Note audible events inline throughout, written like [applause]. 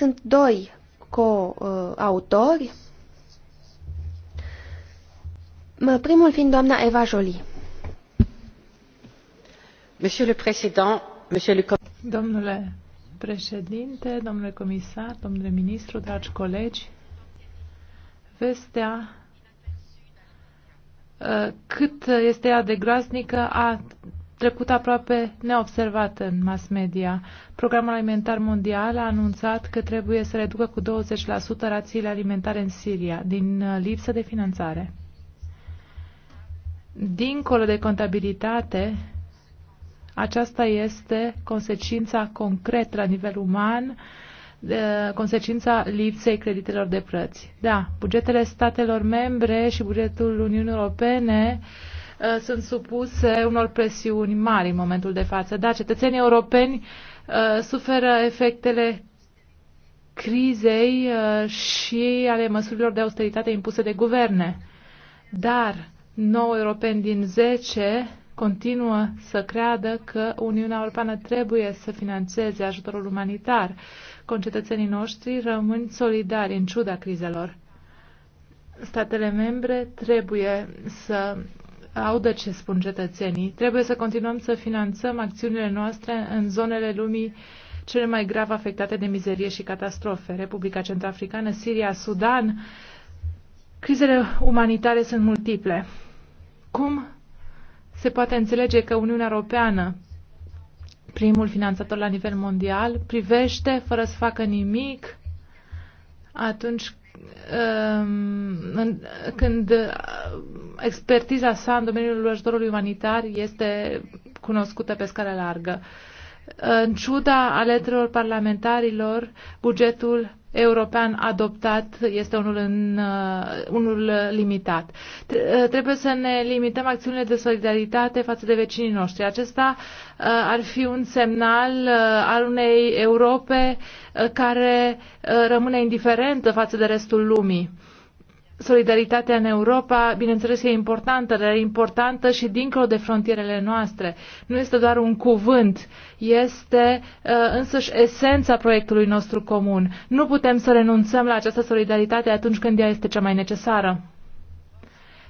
Sunt doi co-autori, primul fiind doamna Eva Jolie. Monsieur le Président, Monsieur le Domnule președinte, domnule comisar, domnule ministru, dragi colegi, vestea uh, cât este ea de groaznică a trecut aproape neobservat în mass media. Programul Alimentar Mondial a anunțat că trebuie să reducă cu 20% rațiile alimentare în Siria din uh, lipsă de finanțare. Dincolo de contabilitate, aceasta este consecința concretă la nivel uman, uh, consecința lipsei creditelor de plăți. Da, bugetele statelor membre și bugetul Uniunii Europene uh, Uh, sunt supuse unor presiuni mari în momentul de față. Da, cetățenii europeni uh, suferă efectele crizei uh, și ale măsurilor de austeritate impuse de guverne. Dar 9 europeni din 10 continuă să creadă că Uniunea Europeană trebuie să financeze ajutorul umanitar. Concetățenii noștri rămân solidari în ciuda crizelor. Statele membre trebuie să audă ce spun cetățenii. Trebuie să continuăm să finanțăm acțiunile noastre în zonele lumii cele mai grav afectate de mizerie și catastrofe. Republica Centrafricană, Siria, Sudan. Crizele umanitare sunt multiple. Cum se poate înțelege că Uniunea Europeană, primul finanțator la nivel mondial, privește fără să facă nimic atunci Ehm, când uh, expertiza sa în domeniul ajutorului umanitar este cunoscută pe scară largă. În ciuda aletelor parlamentarilor, bugetul european adoptat este unul, în, uh, unul limitat. Uh, trebuie să ne limităm acțiunile de solidaritate față de vecinii noștri. Acesta uh, ar fi un semnal uh, al unei Europe uh, care uh, rămâne indiferentă față de restul lumii. Solidaritatea în Europa, bineînțeles, e importantă, dar e importantă și dincolo de frontierele noastre. Nu este doar un cuvânt, este uh, însăși esența proiectului nostru comun. Nu putem să renunțăm la această solidaritate atunci când ea este cea mai necesară.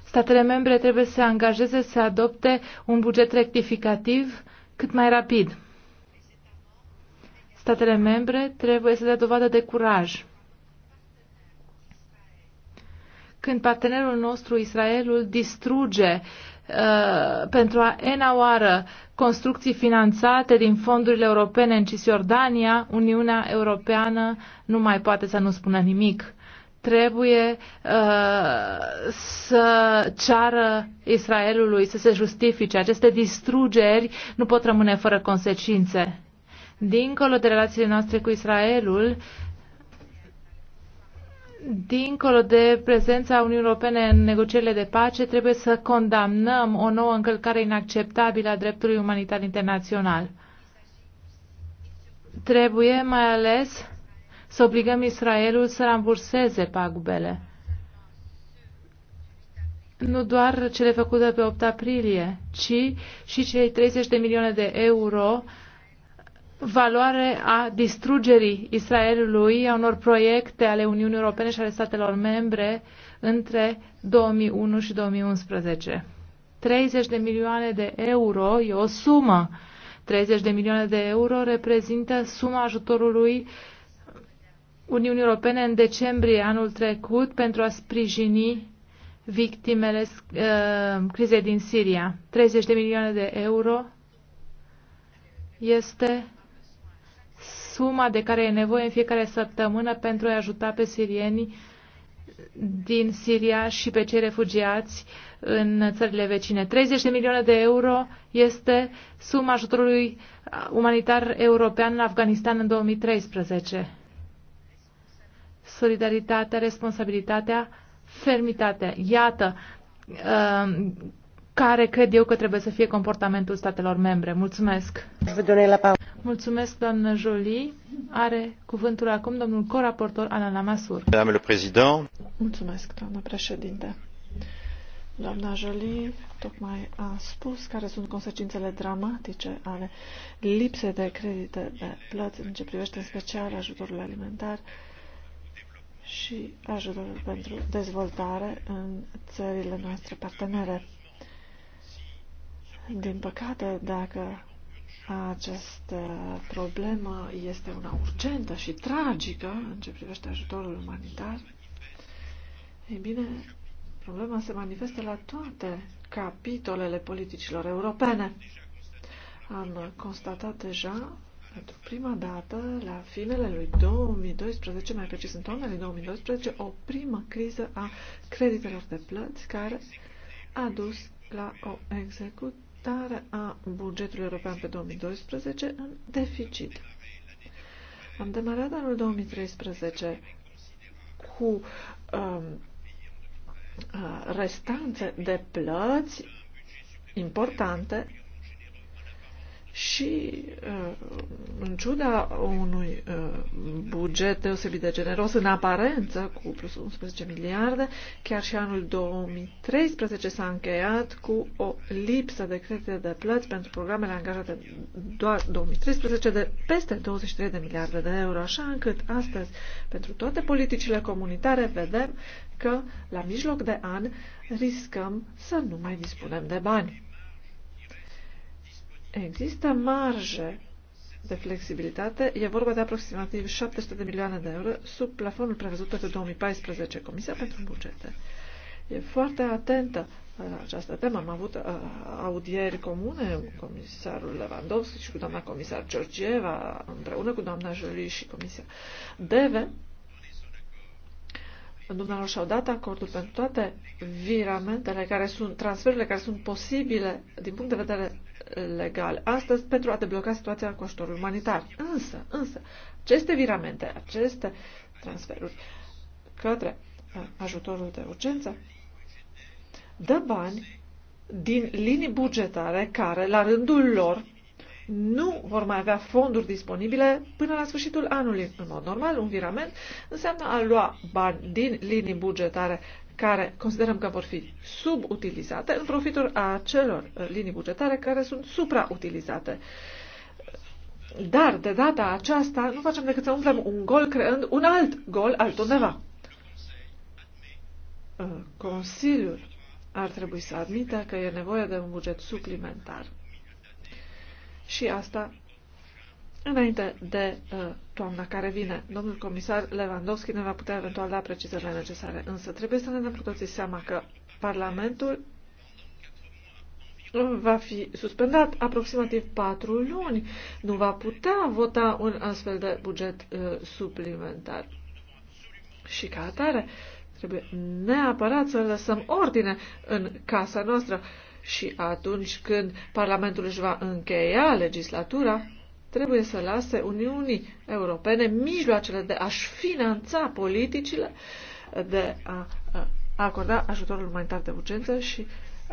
Statele membre trebuie să se angajeze să adopte un buget rectificativ cât mai rapid. Statele membre trebuie să dea dovadă de curaj când partenerul nostru, Israelul, distruge uh, pentru a ena oară construcții finanțate din fondurile europene în Cisjordania, Uniunea Europeană nu mai poate să nu spună nimic trebuie uh, să ceară Israelului să se justifice. Aceste distrugeri nu pot rămâne fără consecințe. Dincolo de relațiile noastre cu Israelul, Dincolo de prezența Uniunii Europene în negocierile de pace, trebuie să condamnăm o nouă încălcare inacceptabilă a dreptului umanitar internațional. Trebuie mai ales să obligăm Israelul să ramburseze pagubele. Nu doar cele făcute pe 8 aprilie, ci și cei 30 de milioane de euro valoare a distrugerii Israelului a unor proiecte ale Uniunii Europene și ale statelor membre între 2001 și 2011. 30 de milioane de euro e o sumă. 30 de milioane de euro reprezintă suma ajutorului Uniunii Europene în decembrie anul trecut pentru a sprijini victimele uh, crizei din Siria. 30 de milioane de euro este suma de care e nevoie în fiecare săptămână pentru a ajuta pe sirieni din Siria și pe cei refugiați în țările vecine. 30 de milioane de euro este suma ajutorului umanitar european în Afganistan în 2013. Solidaritatea, responsabilitatea, fermitatea. Iată, uh, care cred eu că trebuie să fie comportamentul statelor membre. Mulțumesc! Mulțumesc, doamnă Jolie. Are cuvântul acum domnul coraportor Ana Lamasur. Mulțumesc, doamnă președinte. Doamna Jolie tocmai a spus care sunt consecințele dramatice ale lipsei de credite de plăți în ce privește în special ajutorul alimentar și ajutorul pentru dezvoltare în țările noastre partenere. Din păcate, dacă această problemă este una urgentă și tragică în ce privește ajutorul umanitar, ei bine, problema se manifestă la toate capitolele politicilor europene. Am constatat deja, pentru prima dată, la finele lui 2012, mai precis în toamna lui 2012, o primă criză a creditelor de plăți care a dus la o execuție adoptare a bugetului european pe 2012 în deficit. Am demarat anul 2013 cu um, uh, restanțe de plăți importante și uh, în ciuda unui uh, buget deosebit de generos în aparență, cu plus 11 miliarde, chiar și anul 2013 s-a încheiat cu o lipsă de credite de plăți pentru programele angajate doar 2013 de peste 23 de miliarde de euro, așa încât astăzi, pentru toate politicile comunitare, vedem că la mijloc de an riscăm să nu mai dispunem de bani. Există marje de flexibilitate. E vorba de aproximativ 700 de milioane de euro sub plafonul prevăzut pentru 2014. Comisia pentru bugete e foarte atentă la această temă. Am avut uh, audieri comune cu comisarul Lewandowski și cu doamna comisar Georgieva, împreună cu doamna Jolie și comisia DEVE. Domnul și-au dat acordul pentru toate viramentele care sunt, transferurile care sunt posibile din punct de vedere legal. astăzi pentru a debloca situația cu ajutorul umanitar. Însă, însă, aceste viramente, aceste transferuri către uh, ajutorul de urgență dă bani din linii bugetare care, la rândul lor, nu vor mai avea fonduri disponibile până la sfârșitul anului. În mod normal, un virament înseamnă a lua bani din linii bugetare care considerăm că vor fi subutilizate în profitul acelor linii bugetare care sunt suprautilizate. Dar, de data aceasta, nu facem decât să umplem un gol creând un alt gol altundeva. Consiliul ar trebui să admită că e nevoie de un buget suplimentar și asta înainte de uh, toamna care vine. Domnul comisar Lewandowski ne va putea eventual da precizările necesare, însă trebuie să ne dăm cu toții seama că Parlamentul va fi suspendat aproximativ patru luni. Nu va putea vota un astfel de buget uh, suplimentar. Și ca atare, trebuie neapărat să lăsăm ordine în casa noastră. Uh, și atunci când Parlamentul își va încheia legislatura, trebuie să lase Uniunii Europene mijloacele de a-și finanța politicile, de a, acorda ajutorul umanitar de urgență și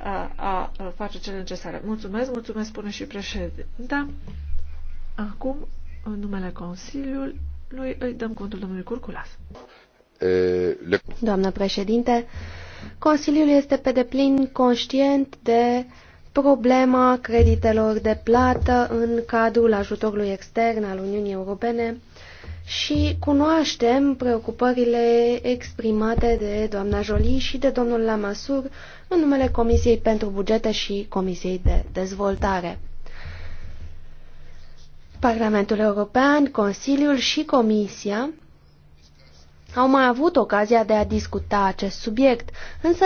a, a face cele necesare. Mulțumesc, mulțumesc, spune și președinta. Acum, în numele Consiliului, îi dăm contul, domnului Curculas. Doamnă președinte, Consiliul este pe deplin conștient de problema creditelor de plată în cadrul ajutorului extern al Uniunii Europene și cunoaștem preocupările exprimate de doamna Jolie și de domnul Lamasur în numele Comisiei pentru Bugete și Comisiei de Dezvoltare. Parlamentul European, Consiliul și Comisia au mai avut ocazia de a discuta acest subiect, însă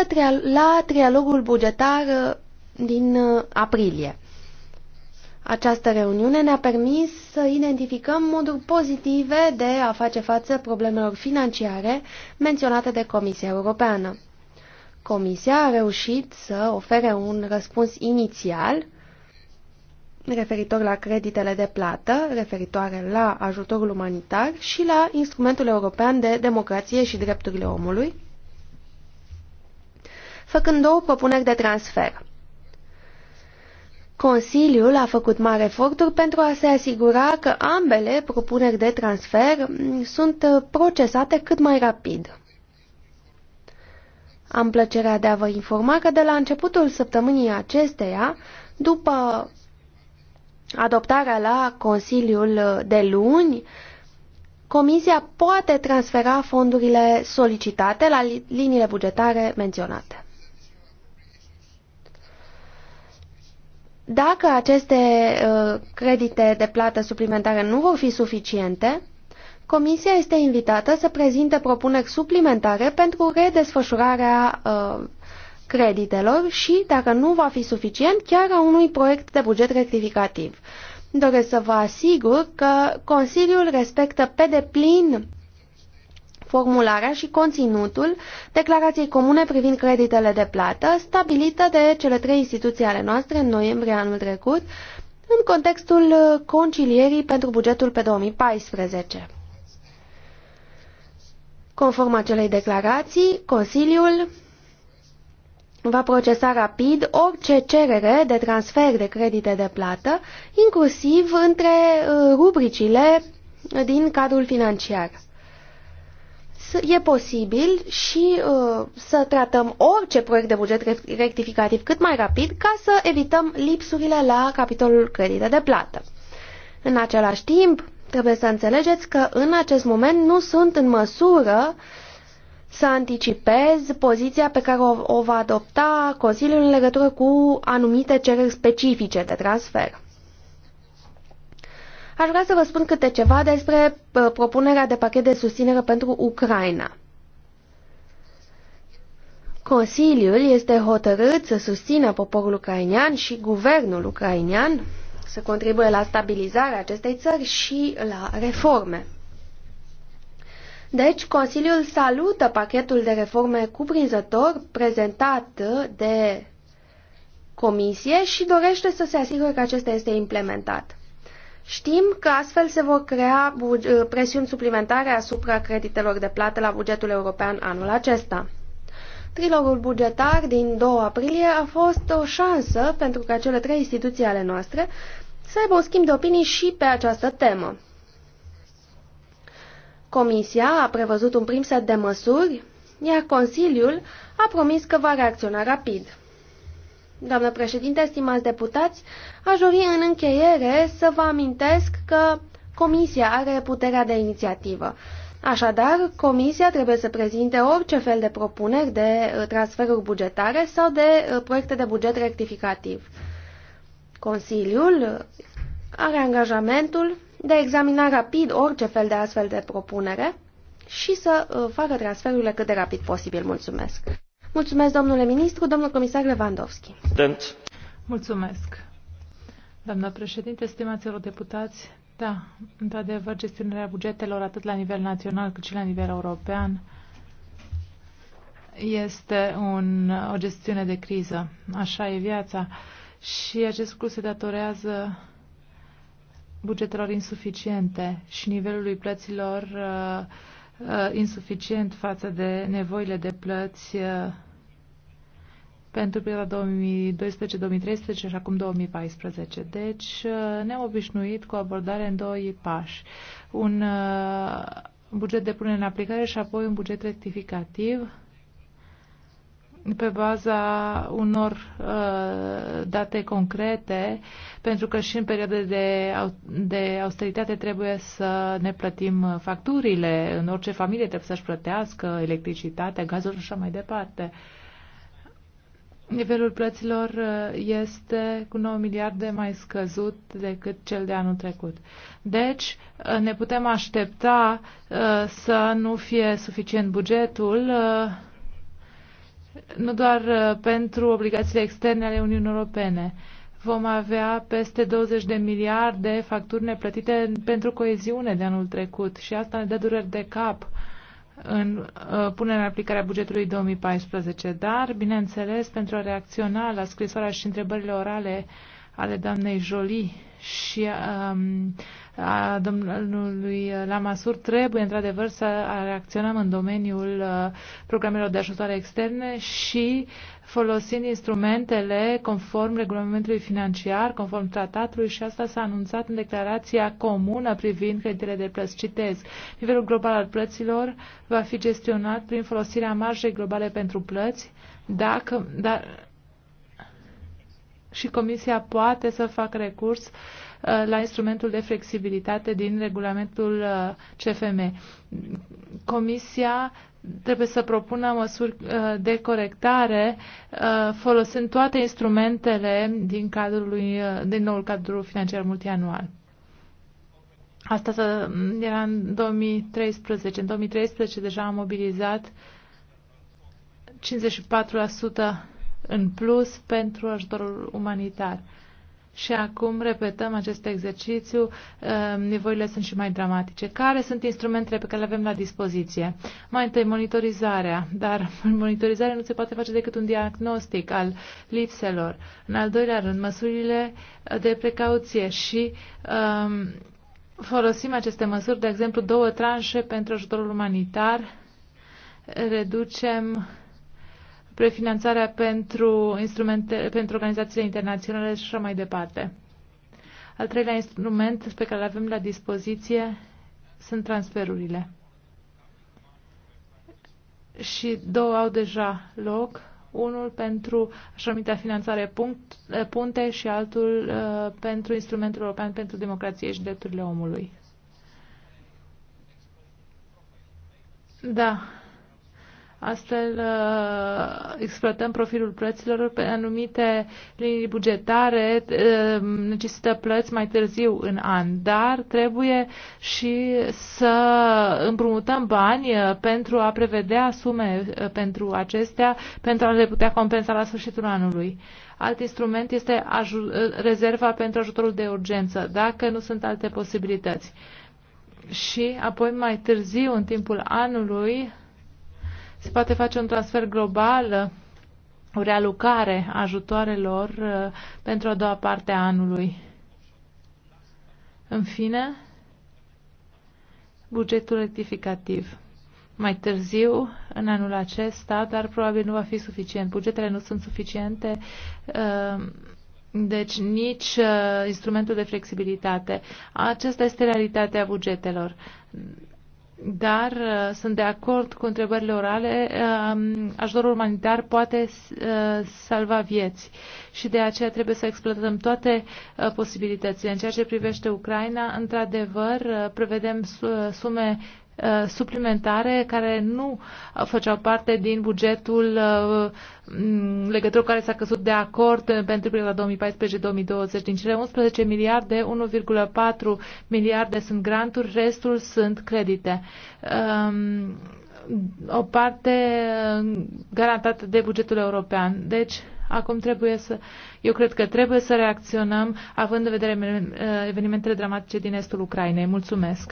la trialogul bugetar uh, din uh, aprilie. Această reuniune ne-a permis să identificăm moduri pozitive de a face față problemelor financiare menționate de Comisia Europeană. Comisia a reușit să ofere un răspuns inițial referitor la creditele de plată, referitoare la ajutorul umanitar și la instrumentul european de democrație și drepturile omului, făcând două propuneri de transfer. Consiliul a făcut mari eforturi pentru a se asigura că ambele propuneri de transfer sunt procesate cât mai rapid. Am plăcerea de a vă informa că de la începutul săptămânii acesteia, după adoptarea la Consiliul de luni, Comisia poate transfera fondurile solicitate la liniile bugetare menționate. Dacă aceste uh, credite de plată suplimentare nu vor fi suficiente, Comisia este invitată să prezinte propuneri suplimentare pentru redesfășurarea uh, creditelor și, dacă nu va fi suficient, chiar a unui proiect de buget rectificativ. Doresc să vă asigur că Consiliul respectă pe deplin formularea și conținutul declarației comune privind creditele de plată, stabilită de cele trei instituții ale noastre în noiembrie anul trecut, în contextul concilierii pentru bugetul pe 2014. Conform acelei declarații, Consiliul va procesa rapid orice cerere de transfer de credite de plată, inclusiv între uh, rubricile din cadrul financiar. E posibil și uh, să tratăm orice proiect de buget rectificativ cât mai rapid ca să evităm lipsurile la capitolul credite de plată. În același timp, trebuie să înțelegeți că în acest moment nu sunt în măsură uh, să anticipez poziția pe care o, o va adopta Consiliul în legătură cu anumite cereri specifice de transfer. Aș vrea să vă spun câte ceva despre uh, propunerea de pachet de susținere pentru Ucraina. Consiliul este hotărât să susțină poporul ucrainian și guvernul ucrainian să contribuie la stabilizarea acestei țări și la reforme. Deci, Consiliul salută pachetul de reforme cuprinzător prezentat de Comisie și dorește să se asigure că acesta este implementat. Știm că astfel se vor crea presiuni suplimentare asupra creditelor de plată la bugetul european anul acesta. Trilogul bugetar din 2 aprilie a fost o șansă pentru ca cele trei instituții ale noastre să aibă un schimb de opinii și pe această temă. Comisia a prevăzut un prim set de măsuri, iar Consiliul a promis că va reacționa rapid. Doamnă președinte, stimați deputați, aș dori în încheiere să vă amintesc că Comisia are puterea de inițiativă. Așadar, Comisia trebuie să prezinte orice fel de propuneri de uh, transferuri bugetare sau de uh, proiecte de buget rectificativ. Consiliul are angajamentul de a examina rapid orice fel de astfel de propunere și să uh, facă transferurile cât de rapid posibil. Mulțumesc! Mulțumesc, domnule ministru, domnul comisar Lewandowski. Dent. Mulțumesc! Doamna președinte, stimați deputați, da, într-adevăr, gestionarea bugetelor atât la nivel național cât și la nivel european este un, o gestiune de criză. Așa e viața. Și acest lucru se datorează bugetelor insuficiente și nivelului plăților uh, uh, insuficient față de nevoile de plăți uh, pentru perioada 2012-2013 și acum 2014. Deci ne-am obișnuit cu abordare în doi pași. Un buget de punere în aplicare și apoi un buget rectificativ pe baza unor uh, date concrete, pentru că și în perioade de, de austeritate trebuie să ne plătim facturile, în orice familie trebuie să-și plătească electricitatea, gazul și așa mai departe. Nivelul plăților uh, este cu 9 miliarde mai scăzut decât cel de anul trecut. Deci uh, ne putem aștepta uh, să nu fie suficient bugetul nu doar uh, pentru obligațiile externe ale Uniunii Europene. Vom avea peste 20 de miliarde facturi neplătite pentru coeziune de anul trecut și asta ne dă dureri de cap în uh, punerea în aplicare a bugetului 2014. Dar, bineînțeles, pentru a reacționa la scrisoarea și întrebările orale ale doamnei Jolie, și um, a domnului Lamasur trebuie într-adevăr să reacționăm în domeniul uh, programelor de ajutoare externe și folosind instrumentele conform regulamentului financiar, conform tratatului și asta s-a anunțat în declarația comună privind creditele de plăți. Citez. Nivelul global al plăților va fi gestionat prin folosirea marjei globale pentru plăți, dacă, dar, și Comisia poate să facă recurs uh, la instrumentul de flexibilitate din regulamentul uh, CFM. Comisia trebuie să propună măsuri uh, de corectare folosind toate instrumentele din, cadrul, din noul cadru financiar multianual. Asta era în 2013. În 2013 deja am mobilizat 54% în plus pentru ajutorul umanitar. Și acum repetăm acest exercițiu, uh, nevoile sunt și mai dramatice. Care sunt instrumentele pe care le avem la dispoziție? Mai întâi, monitorizarea, dar [laughs] monitorizarea nu se poate face decât un diagnostic al lipselor. În al doilea rând, măsurile de precauție și um, folosim aceste măsuri, de exemplu, două tranșe pentru ajutorul umanitar, reducem prefinanțarea pentru, instrumente, pentru organizațiile internaționale și așa mai departe. Al treilea instrument pe care îl avem la dispoziție sunt transferurile. Și două au deja loc, unul pentru așa numita finanțare punct, eh, punte și altul uh, pentru instrumentul european pentru democrație și drepturile omului. Da, Astfel uh, exploatăm profilul plăților pe anumite linii bugetare, uh, necesită plăți mai târziu în an, dar trebuie și să împrumutăm bani uh, pentru a prevedea sume pentru acestea, pentru a le putea compensa la sfârșitul anului. Alt instrument este rezerva pentru ajutorul de urgență, dacă nu sunt alte posibilități. Și apoi mai târziu, în timpul anului, se poate face un transfer global, o realocare a ajutoarelor uh, pentru a doua parte a anului. În fine, bugetul rectificativ. Mai târziu, în anul acesta, dar probabil nu va fi suficient. Bugetele nu sunt suficiente. Uh, deci nici uh, instrumentul de flexibilitate. Aceasta este realitatea bugetelor dar uh, sunt de acord cu întrebările orale. Uh, ajutorul umanitar poate uh, salva vieți și de aceea trebuie să exploatăm toate uh, posibilitățile. În ceea ce privește Ucraina, într-adevăr, uh, prevedem uh, sume Uh, suplimentare care nu făceau parte din bugetul uh, legătură care s-a căzut de acord pentru perioada 2014-2020. Din cele 11 miliarde, 1,4 miliarde sunt granturi, restul sunt credite. Um, o parte uh, garantată de bugetul european. Deci, acum trebuie să, eu cred că trebuie să reacționăm având în vedere evenimentele dramatice din estul Ucrainei. Mulțumesc!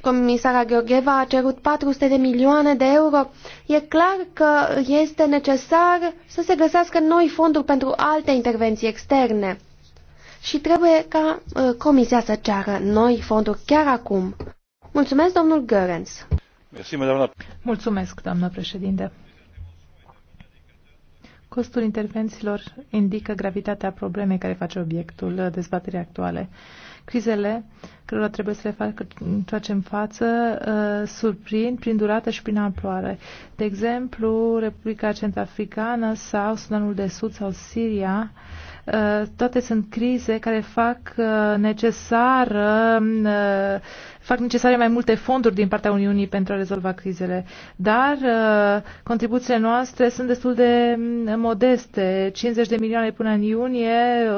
Comisara Gheorgheva a cerut 400 de milioane de euro. E clar că este necesar să se găsească noi fonduri pentru alte intervenții externe. Și trebuie ca uh, Comisia să ceară noi fonduri chiar acum. Mulțumesc, domnul Görens. Mulțumesc, doamnă președinte. Costul intervențiilor indică gravitatea problemei care face obiectul uh, dezbaterii actuale. Crizele cărora trebuie să le facem față uh, surprind prin durată și prin amploare. De exemplu, Republica Centrafricană sau Sudanul de Sud sau Siria uh, Uh, toate sunt crize care fac uh, necesară uh, fac necesare mai multe fonduri din partea Uniunii pentru a rezolva crizele. Dar contribuțiile noastre sunt destul de mm, modeste. 50 de milioane până în iunie,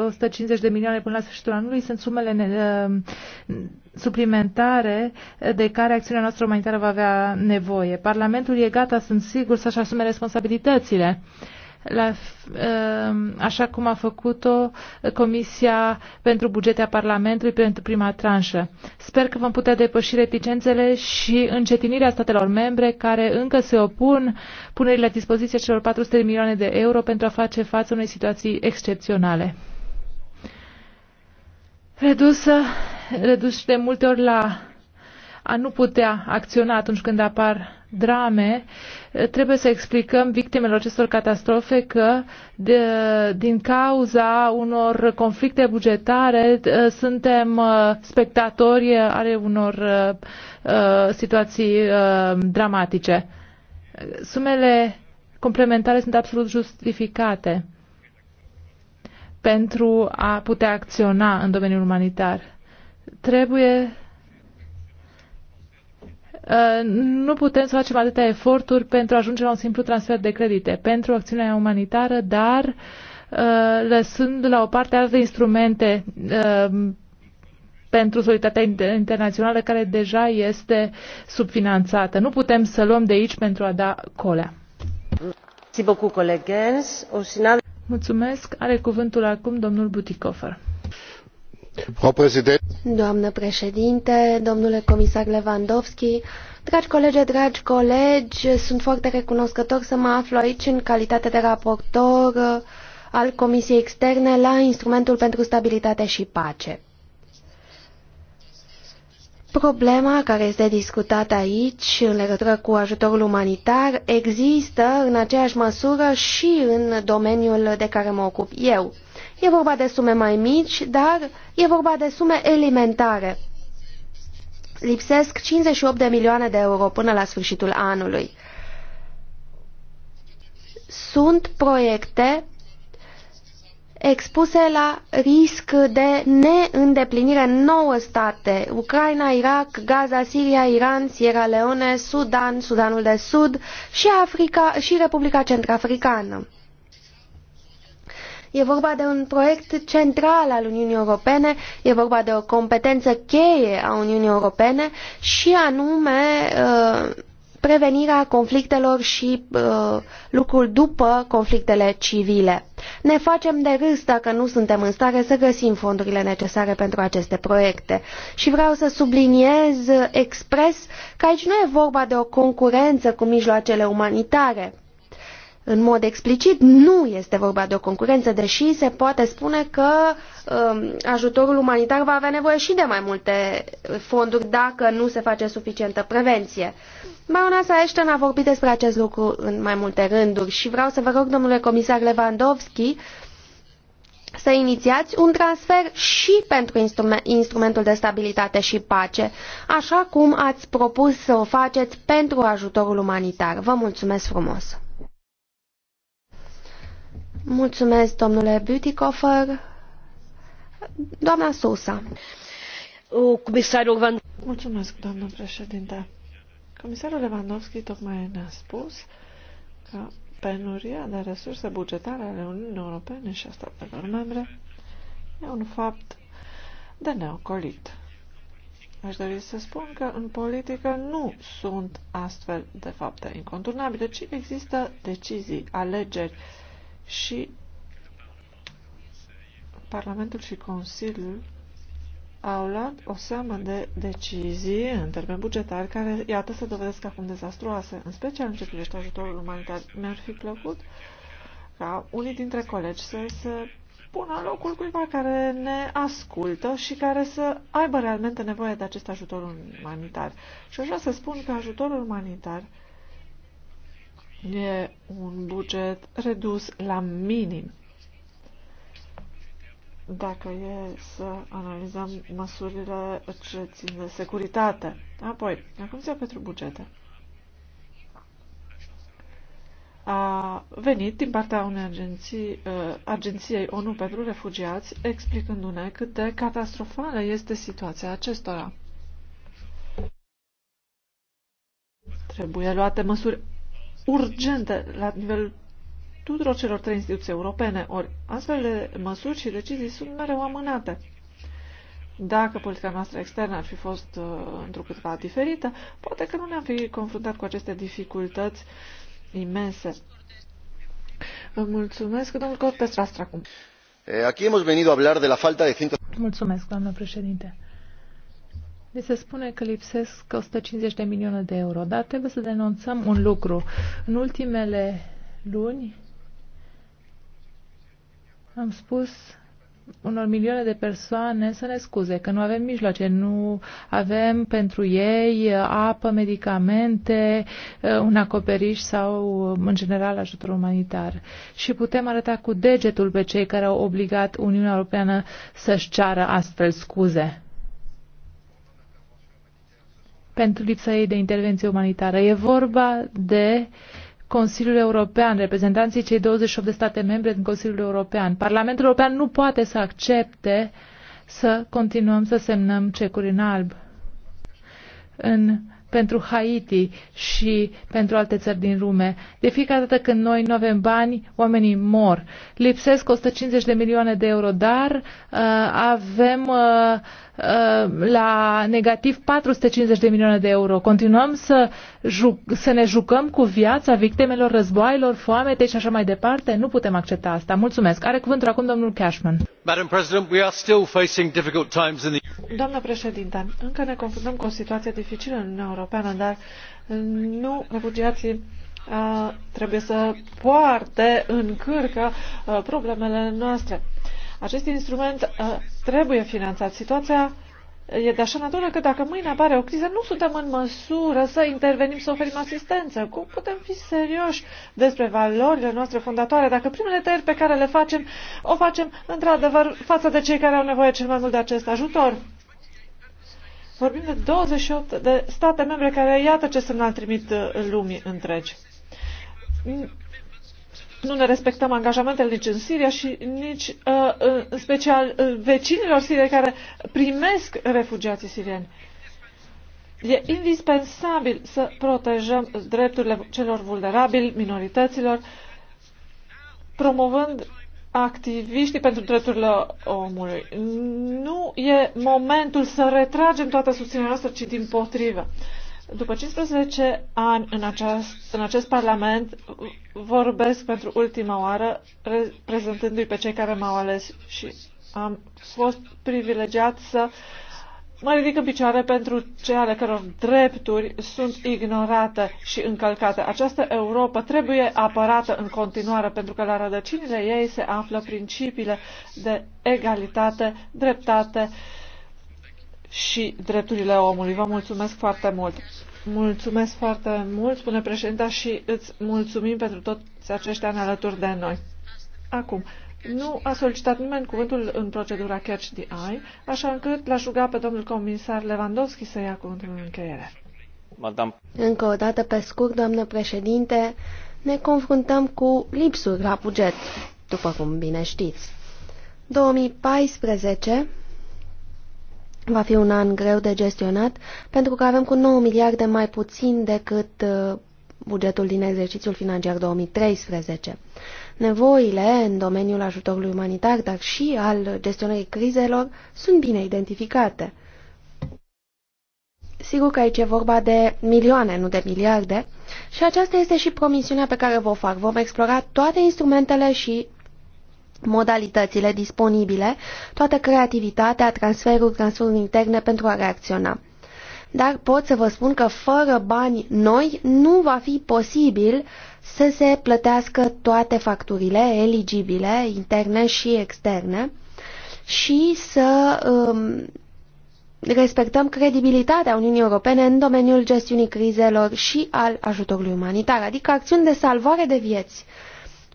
150 de milioane până la sfârșitul anului sunt sumele suplimentare de care acțiunea noastră umanitară va avea nevoie. Parlamentul e gata, sunt sigur, să-și asume responsabilitățile. Uh, la, ehm, așa cum a făcut-o Comisia pentru Bugete a Parlamentului pentru prima tranșă. Sper că vom putea depăși reticențele și încetinirea statelor membre care încă se opun punerii la dispoziție celor 400 de milioane de euro pentru a face față unei situații excepționale. Redusă, redus de multe ori la a nu putea acționa atunci când apar drame, trebuie să explicăm victimelor acestor catastrofe că de, din cauza unor conflicte bugetare eh, suntem eh, spectatori ale unor eh, situații dramatice. Sumele complementare sunt absolut justificate pentru a putea acționa în domeniul umanitar. Trebuie Uh, nu putem să facem atâtea eforturi pentru a ajunge la un simplu transfer de credite pentru acțiunea umanitară, dar uh, lăsând la o parte alte instrumente uh, pentru solidaritatea internațională care deja este subfinanțată. Nu putem să luăm de aici pentru a da colea. Mulțumesc. Are cuvântul acum domnul Butikofer. Doamnă președinte, domnule comisar Lewandowski, dragi colegi, dragi colegi, sunt foarte recunoscător să mă aflu aici în calitate de raportor uh, al Comisiei Externe la Instrumentul pentru Stabilitate și Pace. Problema care este discutată aici în legătură cu ajutorul umanitar există în aceeași măsură și în domeniul de care mă ocup eu E vorba de sume mai mici, dar e vorba de sume elementare. Lipsesc 58 de milioane de euro până la sfârșitul anului. Sunt proiecte expuse la risc de neîndeplinire în nouă state, Ucraina, Irak, Gaza, Siria, Iran, Sierra Leone, Sudan, Sudanul de Sud și, Africa, și Republica Centrafricană. E vorba de un proiect central al Uniunii Europene, e vorba de o competență cheie a Uniunii Europene și anume uh, prevenirea conflictelor și uh, lucrul după conflictele civile. Ne facem de râs dacă nu suntem în stare să găsim fondurile necesare pentru aceste proiecte. Și vreau să subliniez expres că aici nu e vorba de o concurență cu mijloacele umanitare în mod explicit, nu este vorba de o concurență, deși se poate spune că um, ajutorul umanitar va avea nevoie și de mai multe fonduri dacă nu se face suficientă prevenție. Baronasa Ashton a vorbit despre acest lucru în mai multe rânduri și vreau să vă rog, domnule comisar Lewandowski, să inițiați un transfer și pentru instrument, instrumentul de stabilitate și pace, așa cum ați propus să o faceți pentru ajutorul umanitar. Vă mulțumesc frumos! Mulțumesc, domnule Butikofer. Doamna Sousa. Comisarul Van... Mulțumesc, doamnă președinte. Comisarul Lewandowski tocmai ne-a spus că penuria de resurse bugetare ale Uniunii Europene și a statelor membre e un fapt de neocolit. Aș dori să spun că în politică nu sunt astfel de fapte inconturnabile, ci există decizii, alegeri și Parlamentul și Consiliul au luat o seamă de decizii în termen bugetar care, iată, se dovedesc acum dezastruoase, în special în ce privește ajutorul umanitar. Mi-ar fi plăcut ca unii dintre colegi să se pună în locul cuiva care ne ascultă și care să aibă realmente nevoie de acest ajutor umanitar. Și aș vrea să spun că ajutorul umanitar E un buget redus la minim. Dacă e să analizăm măsurile ce țin de securitate. Apoi, Agenția pentru Bugete a venit din partea unei agenții, uh, agenției ONU pentru refugiați, explicându-ne cât de catastrofală este situația acestora. Trebuie luate măsuri urgente la nivel tuturor celor trei instituții europene. Ori astfel de măsuri și decizii sunt mereu amânate. Dacă politica noastră externă ar fi fost uh, întrucâtva diferită, poate că nu ne-am fi confruntat cu aceste dificultăți imense. Vă mulțumesc, domnul Cortes Rastracum. acum. Eh, aquí hemos venido a hablar de la falta de cinto... Mulțumesc, doamnă președinte. Mi se spune că lipsesc 150 de milioane de euro, dar trebuie să denunțăm un lucru. În ultimele luni am spus unor milioane de persoane să ne scuze că nu avem mijloace, nu avem pentru ei apă, medicamente, un acoperiș sau, în general, ajutor umanitar. Și putem arăta cu degetul pe cei care au obligat Uniunea Europeană să-și ceară astfel scuze pentru lipsa ei de intervenție umanitară. E vorba de Consiliul European, reprezentanții cei 28 de state membre din Consiliul European. Parlamentul European nu poate să accepte să continuăm să semnăm cecuri în alb. În pentru Haiti și pentru alte țări din lume. De fiecare dată când noi nu avem bani, oamenii mor. Lipsesc 150 de milioane de euro, dar uh, avem uh, uh, la negativ 450 de milioane de euro. Continuăm să, să ne jucăm cu viața victimelor războaielor, foamete și așa mai departe. Nu putem accepta asta. Mulțumesc. Are cuvântul acum domnul Cashman doamnă președintă încă ne confruntăm cu o situație dificilă în uniunea europeană dar nu refugiații trebuie să poarte în cârcă problemele noastre. acest instrument trebuie finanțat. situația e de așa natură că dacă mâine apare o criză, nu suntem în măsură să intervenim, să oferim asistență. Cum putem fi serioși despre valorile noastre fondatoare dacă primele tăieri pe care le facem, o facem într-adevăr față de cei care au nevoie cel mai mult de acest ajutor? Vorbim de 28 de state membre care iată ce semnal trimit uh, lumii întregi nu ne respectăm angajamentele nici în Siria și nici uh, în special uh, vecinilor sirieni care primesc refugiații sirieni. E indispensabil să protejăm drepturile celor vulnerabili, minorităților, promovând activiștii pentru drepturile omului. Nu e momentul să retragem toată susținerea noastră, ci din potrivă. Uh, după 15 ani în, acest, în acest Parlament vorbesc pentru ultima oară prezentându-i pe cei care m-au ales și am fost privilegiat să mă ridic în picioare pentru cei ale căror drepturi sunt ignorate și încălcate. Această Europa trebuie apărată în continuare pentru că la rădăcinile ei se află principiile de egalitate, dreptate și drepturile omului. Vă mulțumesc foarte mult! Mulțumesc foarte mult, spune președinta, și îți mulțumim pentru toți acești ani alături de noi. Acum, nu a solicitat nimeni cuvântul în procedura Catch the Eye, așa încât l-aș ruga pe domnul comisar Lewandowski să ia cuvântul în încheiere. Madame. Încă o dată, pe scurt, doamnă președinte, ne confruntăm cu lipsuri la buget, după cum bine știți. 2014 Va fi un an greu de gestionat, pentru că avem cu 9 miliarde mai puțin decât uh, bugetul din exercițiul financiar 2013. Nevoile în domeniul ajutorului umanitar, dar și al gestionării crizelor, sunt bine identificate. Sigur că aici e vorba de milioane, nu de miliarde, și aceasta este și promisiunea pe care vă fac. Vom explora toate instrumentele și modalitățile disponibile, toată creativitatea, transferul, transferul interne pentru a reacționa. Dar pot să vă spun că fără bani noi nu va fi posibil să se plătească toate facturile eligibile, interne și externe, și să um, respectăm credibilitatea Uniunii Europene în domeniul gestiunii crizelor și al ajutorului umanitar, adică acțiuni de salvare de vieți. Uh,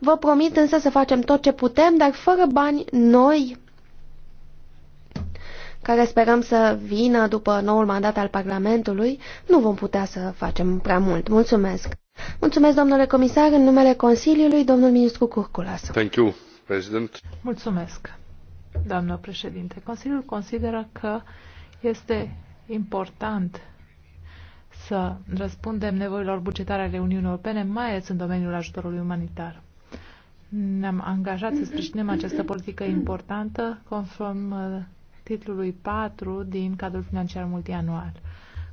Vă promit însă să facem tot ce putem, dar fără bani noi, care sperăm să vină după noul mandat al Parlamentului, nu vom putea să facem prea mult. Mulțumesc! Mulțumesc, domnule comisar, în numele Consiliului, domnul ministru Curculas. Thank you, President. Mulțumesc, doamnă președinte. Consiliul consideră că este important să răspundem nevoilor bugetare ale Uniunii Europene, mai ales în domeniul ajutorului umanitar. Ne-am angajat să sprijinim această politică importantă conform uh, titlului 4 din cadrul financiar multianual.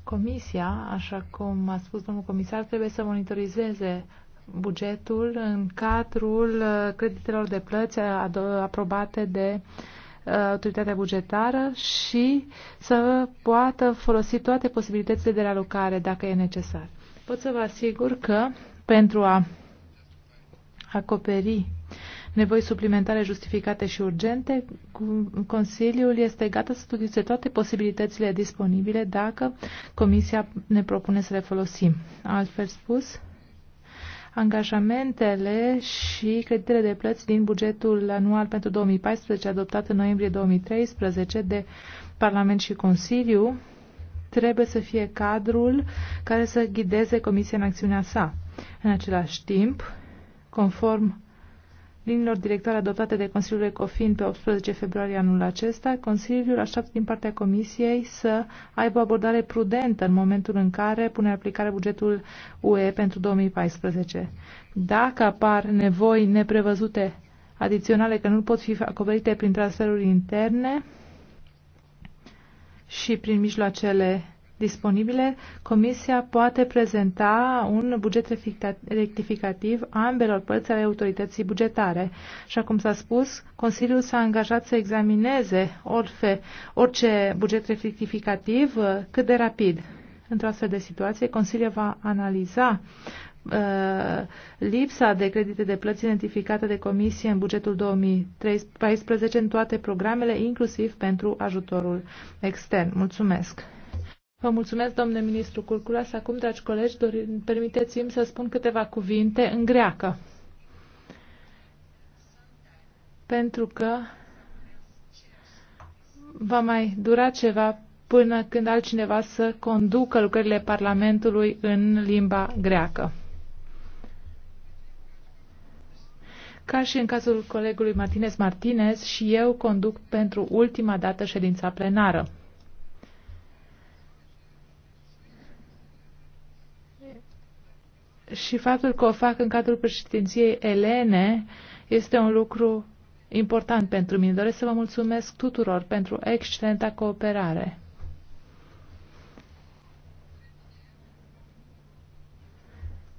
Comisia, așa cum a spus domnul comisar, trebuie să monitorizeze bugetul în cadrul uh, creditelor de plăți uh, aprobate de autoritatea bugetară și să poată folosi toate posibilitățile de realocare dacă e necesar. Pot să vă asigur că pentru a acoperi nevoi suplimentare justificate și urgente, Consiliul este gata să studieze toate posibilitățile disponibile dacă Comisia ne propune să le folosim. Altfel spus, angajamentele și creditele de plăți din bugetul anual pentru 2014 adoptat în noiembrie 2013 de Parlament și Consiliu trebuie să fie cadrul care să ghideze Comisia în acțiunea sa. În același timp, Conform liniilor directoare adoptate de Consiliul Ecofin pe 18 februarie anul acesta, Consiliul așteaptă din partea Comisiei să aibă o abordare prudentă în momentul în care pune în aplicare bugetul UE pentru 2014. Dacă apar nevoi neprevăzute adiționale care nu pot fi acoperite prin transferuri interne și prin mijloacele disponibile, Comisia poate prezenta un buget rectificativ ambelor părți ale autorității bugetare. Și cum s-a spus, Consiliul s-a angajat să examineze orice, orice buget rectificativ uh, cât de rapid. Într-o astfel de situație, Consiliul va analiza uh, lipsa de credite de plăți identificată de comisie în bugetul 2014 în toate programele, inclusiv pentru ajutorul extern. Mulțumesc! Vă mulțumesc, domnule ministru Curculas. Acum, dragi colegi, permiteți-mi să spun câteva cuvinte în greacă. Pentru că va mai dura ceva până când altcineva să conducă lucrările Parlamentului în limba greacă. Ca și în cazul colegului Martinez Martinez, și eu conduc pentru ultima dată ședința plenară. și faptul că o fac în cadrul președinției elene este un lucru important pentru mine. Doresc să vă mulțumesc tuturor pentru excelenta cooperare.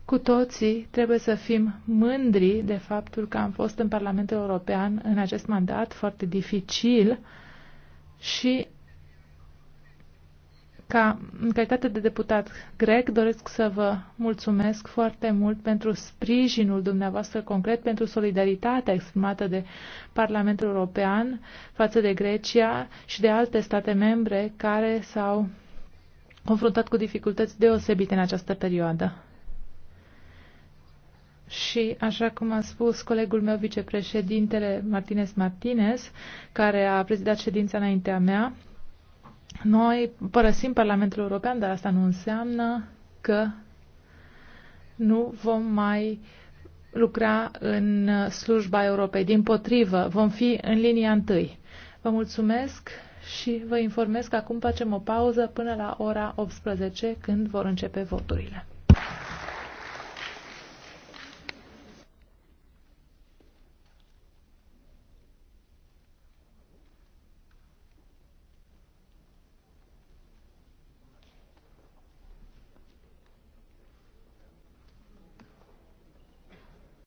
Cu toții trebuie să fim mândri de faptul că am fost în Parlamentul European în acest mandat foarte dificil și ca în calitate de deputat grec, doresc să vă mulțumesc foarte mult pentru sprijinul dumneavoastră concret, pentru solidaritatea exprimată de Parlamentul European față de Grecia și de alte state membre care s-au confruntat cu dificultăți deosebite în această perioadă. Și, așa cum a spus colegul meu, vicepreședintele Martinez Martinez, care a prezidat ședința înaintea mea, noi părăsim Parlamentul European, dar asta nu înseamnă că nu vom mai lucra în slujba Europei. Din potrivă, vom fi în linia întâi. Vă mulțumesc și vă informez că acum facem o pauză până la ora 18, când vor începe voturile.